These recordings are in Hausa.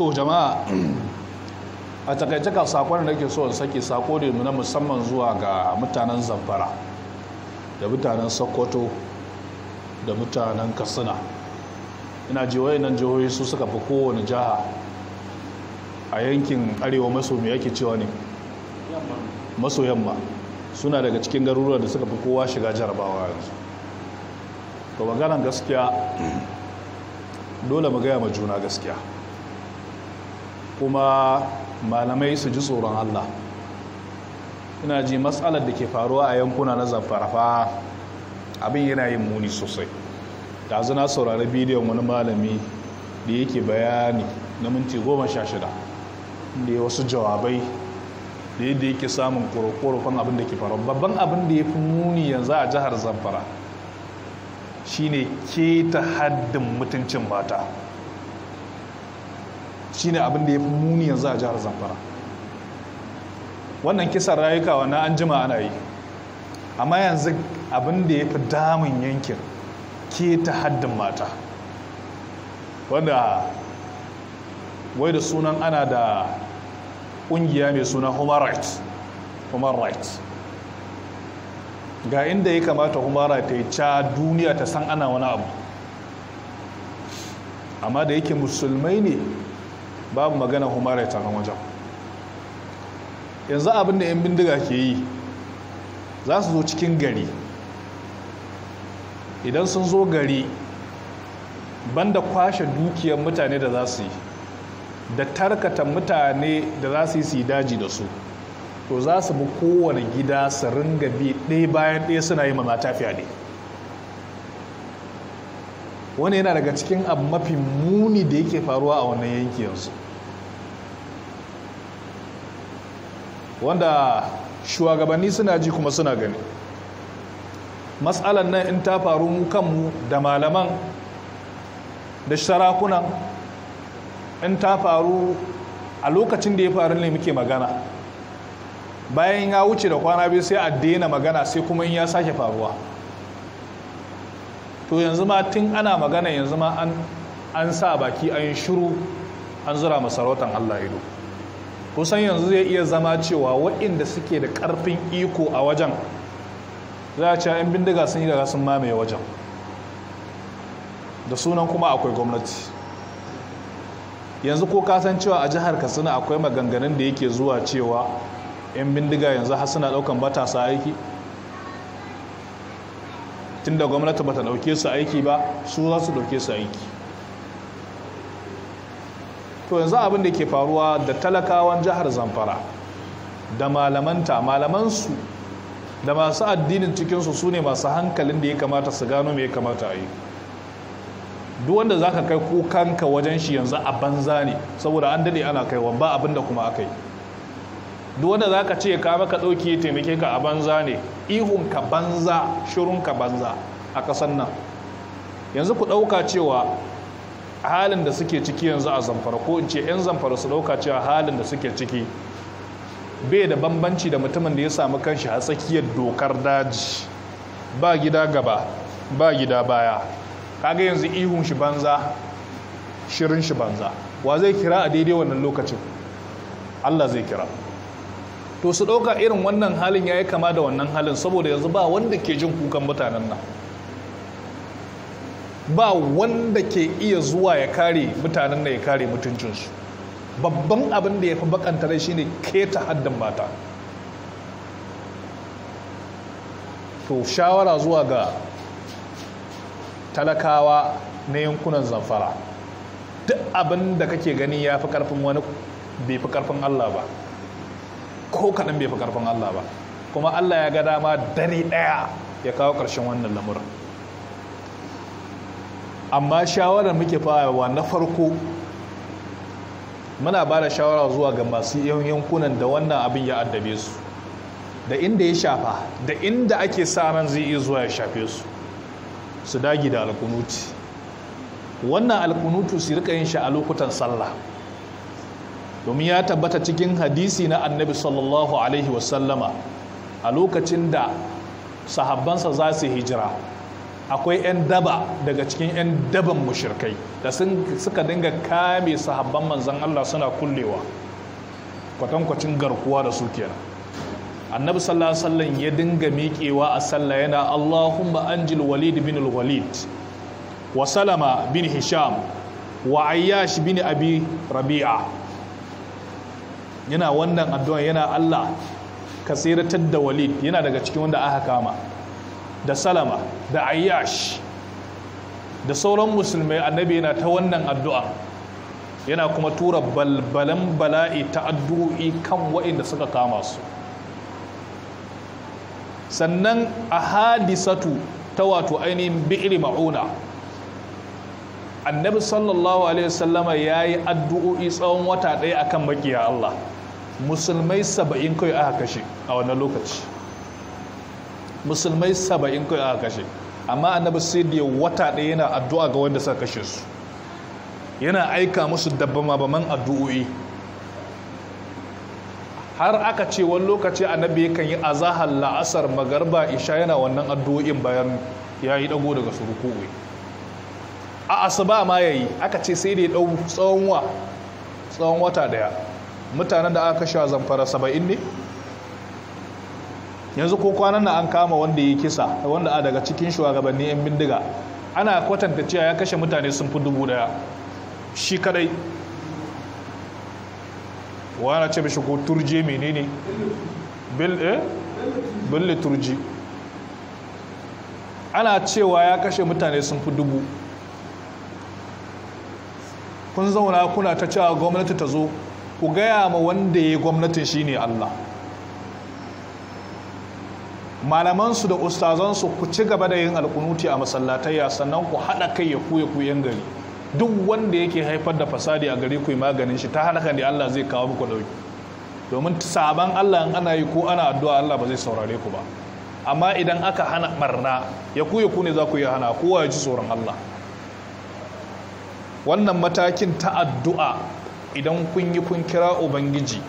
to jama'a a takaice ka sakon da ke so in sake sako da na musamman zuwa ga mutanen zamfara da mutanen sokoto da mutanen katsina ina jiwaye nan jihohi su suka fi kowane jiha a yankin arewa maso mai yake cewa ne maso yamma suna daga cikin garuruwa da suka fi kowa shiga jarabawa yanzu ga maganan gaskiya dole mu gaya ma juna gaskiya kuma malamai su ji tsoron Allah ina ji matsalar da ke faruwa a yankuna na zafarafa abin yana yin muni sosai da na saurari bidiyon wani malami da yake bayani na minti goma sha shida da ya wasu jawabai da yadda yake samun korofan abin da ke faru. babban abin da ya fi muni yanzu a jihar zamfara shine keta haddin mutuncin mata shine abin da ya fi muni yanzu a jihar zamfara wannan kisan rayuka wanda an jima ana yi amma yanzu abin da ya fi damun yankin ke ta haddin mata wanda wai da sunan ana da ƙungiya mai suna human rights human rights ga inda ya kamata humara ta yi ca duniya ta san ana wani abu amma da yake musulmai ne babu magana humara ta nan wajen yanzu abin da 'yan bindiga ke yi za su zo cikin gari idan sun zo gari banda kwashe dukiyar mutane da za su yi da tarkata mutane da za su yi su daji da su to za su bi kowane gida su ringa bi ɗaya bayan ɗaya suna yi ma mata ne wani yana daga cikin abu mafi muni da yake faruwa a wannan yanki yanzu wanda shugabanni suna ji kuma suna gani matsalan nan in ta faru kanmu da malaman da sarakunan in ta faru a lokacin da ya faru ne muke magana bayan ya wuce da kwana biyu sai a daina magana sai kuma in ya sake faruwa to yanzu ma tun ana magana yanzu ma an sa baki an yi shiru an zura masarautar Allah ido kusan yanzu zai iya zama cewa waɗanda suke da ƙarfin iko a wajen za a ce 'yan bindiga sun yi daga sun mamaye wajen da sunan kuma akwai gwamnati yanzu ko kasan cewa a jihar katsina akwai maganganun da yake zuwa cewa 'yan bindiga yanzu har suna ɗaukan matasa aiki tunda gwamnati ba ta dauke su aiki ba su za su dauke su aiki to yanzu abin da ke faruwa da talakawan jihar zamfara da malamanta malamansu da masu addinin cikinsu su ne masu hankalin da ya kamata su gano mai ya kamata a yi duk wanda za ka kai kukanka wajen shi yanzu a banza ne saboda an dade ana kaiwa ba abin da kuma aka yi duk wanda zaka ce ka maka ɗauki taimake ka a banza ne ihun ka banza shirun banza a kasan nan yanzu ku dauka cewa halin da suke ciki yanzu a zamfara ko in ce yan zamfara su dauka cewa halin da suke ciki bai da bambanci da mutumin da ya samu kanshi a tsakiyar dokar daji ba gida gaba ba gida baya kaga yanzu ihun shi banza shirin shi banza wa zai kira a daidai wannan lokacin Allah zai kira to su ɗauka irin wannan halin ya yi kama da wannan halin saboda yanzu ba wanda ke jin kukan mutanen nan ba wanda ke iya zuwa ya kare mutanen nan ya kare mutuncinsu babban abin da ya fi bakanta shi ne keta haddin mata to shawara zuwa ga talakawa na yankunan zamfara duk abin da kake gani ya fi karfin wani bai fi karfin allah ba ko kaɗan bai fi ƙarfin Allah ba kuma Allah ya ga dama dare ɗaya ya kawo ƙarshen wannan lamuran amma shawarar muke fawa na farko muna ba da shawara zuwa ga masu yankunan da wannan abin ya addabe su da inda ya shafa da inda ake sa zai iya zuwa ya shafe su su dagi da alkunuti wannan alkunutu su rika yin shi a lokutan sallah domin ya tabbata cikin hadisi na annabi sallallahu alaihi wasallama a lokacin da sahabbansa za su hijira akwai 'yan daba daga cikin 'yan daban mushirkai da suka dinga kame sahabban manzan Allah suna kullewa kwatankwacin garkuwa da su kenan annabi sallallahu alaihi wasallam ya dinga miƙewa a sallah yana Allahumma anjil walid bin walid wa salama bin hisham wa ayyash bin abi rabi'a yana wannan addu'an yana Allah ka tsiratar da walid yana daga cikin wanda aka kama da salama da ayyash da sauran musulmai annabi yana ta wannan addu'a yana kuma tura balbalan bala'i ta addu'o'i kan waɗanda suka kama su sannan a hadisatu ta wato ainihin bi’iri ma'una annabi sallallahu alaihi wasallama ya yi addu'o'i tsawon wata ɗaya akan makiya Allah musulmai saba'in kai aka kashe a wannan lokaci musulmai saba'in kai aka kashe amma annabi sai da wata ɗaya yana addu'a ga wanda suka kashe su yana aika musu ma baman addu'o'i har aka ce wani lokaci annabi yakan yi azahar la'asar magarba isha yana wannan addu'o'in bayan ya yi dago daga surukuwe a asuba ma yayi aka ce sai da ya dau tsawon wata daya mutanen da aka kashe a zamfara saba'in ne yanzu ko kwanan na an kama wanda ya kisa wanda a daga cikin shugabanni 'yan bindiga ana kwatanta cewa ya kashe mutane sun fi dubu daya shi kadai wana ce mishi ko turje menene eh? bille turji ana cewa ya kashe mutane sun fi dubu kun zauna kuna ta cewa gwamnati ta zo ku gaya ma wanda ya gwamnatin shi ne Allah malamansu da ustazansu ku ci gaba da yin alkunuti a masallataiya sannan ku haɗa kai ya kuya kuyan gari duk wanda yake haifar da fasadi a gari ku yi maganin shi ta halaka ne Allah zai kawo muku ɗauki domin saban Allah in ana yi ko ana addu'a Allah ba zai saurare ku ba amma idan aka hana barna ya kuya ku ne za ku yi hana kowa ya ji tsoron Allah wannan matakin ta addu'a idan kun yi kun kira ubangiji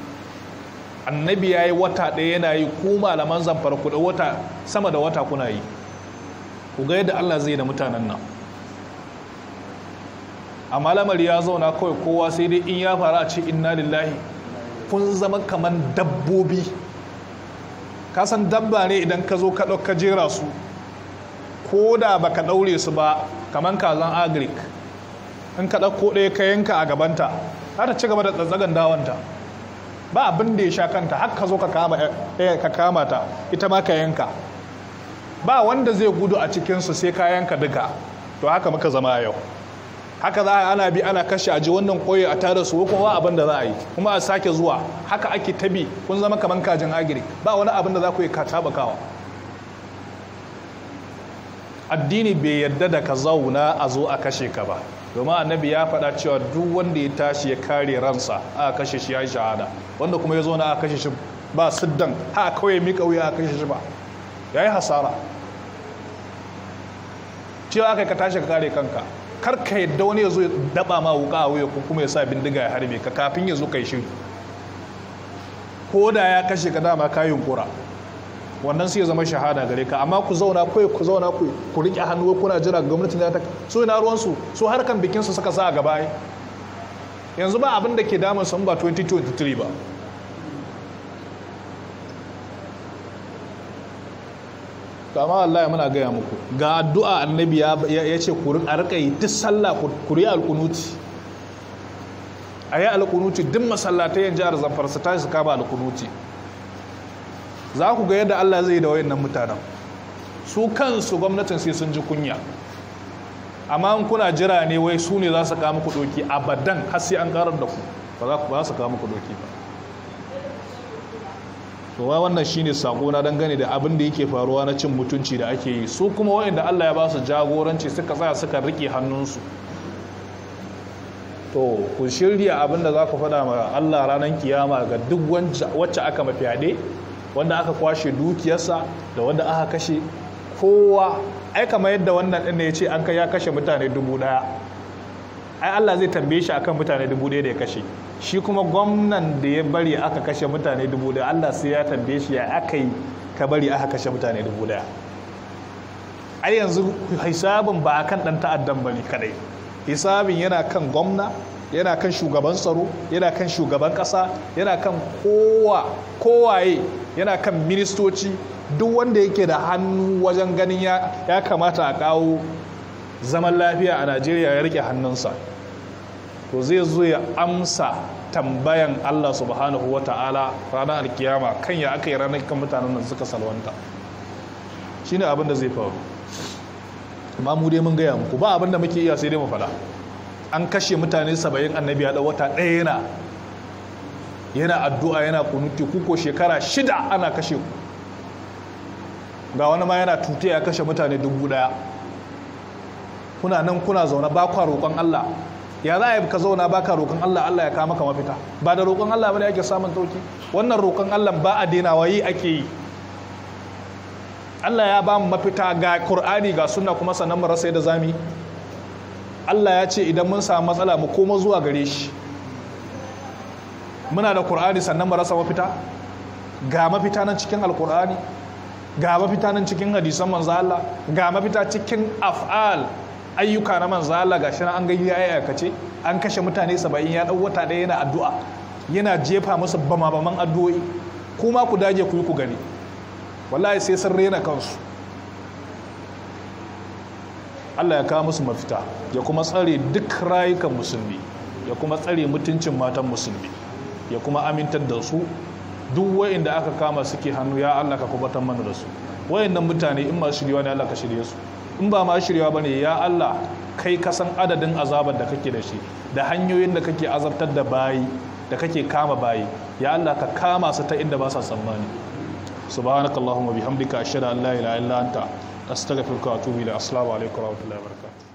annabi ya yi wata ɗaya yana yi ku malaman zamfara kuɗa wata sama da wata kuna yi ku ga yadda allah zai da mutanen nan A malamar ya zauna kawai kowa sai dai in ya faru a ce inna lillahi kun zama kamar dabbobi kasan dabba ne idan ka zo ka ɗauka jera su ko da ba ka ɗaure su ba kaman kazan agric in ka ɗauko ɗaya ka yanka a gabanta za ta ci gaba da tsatsagan dawanta ba abin da ya sha kanta har ka zo eh, ka kama ta ita ma ka yanka ba wanda zai gudu a cikinsu sai ka yanka duka to haka muka zama yau haka za a ana bi ana kashe a ji wannan koyi a tare su kuma abin da za a yi kuma a sake zuwa haka ake tabi kun zama kamar kajin agiri ba wani abin da za ku yi ka tabakawa addini bai yarda da ka zauna a zo a kashe ka ba domin annabi ya faɗa cewa duk wanda ya tashi ya kare ransa a kashe shi ya yi shahada wanda kuma ya zo na a kashe shi ba siddan ha kawai mika wuya a kashe shi ba ya yi hasara cewa aka ka tashi ka kare kanka kar ka yadda wani ya zo ya daba ma wuka a wuya ko kuma ya sa bindiga ya harbe ka kafin ya zo kai shi ko da ya kashe ka dama ka yunkura wannan sai ya zama shahada gare ka amma ku zauna kai ku zauna ku ku rike hannu kuna jira gwamnati ta so ina ruwan su so harkan bikin su suka sa a gaba yanzu ba abin da ke damun su ba 2023 ba kama Allah ya muna gaya muku ga addu'a annabi ya ce ku rika yi duk sallah ku riya alkunuti a yi alkunuti duk masallatai yan jihar zamfar su tashi su kaba alkunuti za ku ga yadda Allah zai da wayannan mutanen su kansu gwamnatin sai sun ji kunya amma kuna jira ne wai su ne za su kama ku doki abadan har sai an karar da ku ba za ku ba su kama ku doki ba to wa wannan shine sako na dangane da abin da yake faruwa na cin mutunci da ake yi su kuma wayanda Allah ya ba su jagoranci suka tsaya suka rike hannunsu to ku shirya abin da za ku faɗa ma Allah ranar kiyama ga duk wacce aka mafi wanda aka kwashe dukiyarsa da wanda aka kashe kowa ai kamar yadda wannan ɗin ya ce an kai ya kashe mutane dubu ɗaya ai Allah zai tambaye shi akan mutane dubu ɗaya da ya kashe shi kuma gwamnan da ya bari aka kashe mutane dubu ɗaya Allah sai ya tambaye shi ya aka yi ka bari aka kashe mutane dubu ɗaya ai yanzu hisabin ba akan ɗan ta'addan ba ne kadai hisabin yana kan gwamna yana kan shugaban tsaro yana kan shugaban kasa yana kan kowa kowaye yana kan ministoci duk wanda yake da hannu wajen ganin ya kamata a kawo zaman lafiya a najeriya ya rike hannunsa to zai zo ya amsa tambayan allah subhanahu wa ta'ala ranar alkiyama kan ya aka yi ranar kan mutanen nan suka salwanta shine abin da zai faru amma mu dai mun gaya muku ba abin da muke iya sai dai mu faɗa an kashe mutane saba'in annabi a wata ɗaya yana yana addu'a yana kunuti kuko shekara shida ana kashe ku ga wani ma yana tute ya kashe mutane dubu ɗaya kuna nan kuna zaune ba kwa roƙon Allah ya za a yi ka zauna ba ka roƙon Allah Allah ya kama ka mafita ba da roƙon Allah bane ake samun sauki wannan roƙon Allah ba a denawa yi ake yi Allah ya ba mu mafita ga Kur'ani ga sunna kuma sannan mu rasa yadda zamu Allah ya ce idan mun samu matsala mu koma zuwa gare shi muna da Qur'ani sannan mu rasa mafita ga mafita nan cikin alkur'ani ga mafita nan cikin hadisan manzo Allah ga mafita cikin af'al ayyuka na manzo Allah gashi an ga yayi aikace an kashe mutane saba'in ya dau wata ɗaya yana addu'a yana jefa musu bama baman addu'o'i kuma ku dage ku yi ku gani wallahi sai sun rena kansu Allah ya kawo musu mafita ya kuma tsare duk rayukan musulmi ya kuma tsare mutuncin matan musulmi ya kuma amintar da su duk da aka kama suke hannu ya Allah ka kubatar mana da su wayannan mutane in ma shirya ne Allah ka shirye su in ba ma ba bane ya Allah kai ka san adadin azabar da kake da shi da hanyoyin da kake azabtar da bayi da kake kama bayi ya Allah ka kama su ta inda ba sa tsammani subhanakallahumma bihamdika ashhadu an la ilaha illa anta استغفرك واتوب الى السلام عليكم ورحمه الله وبركاته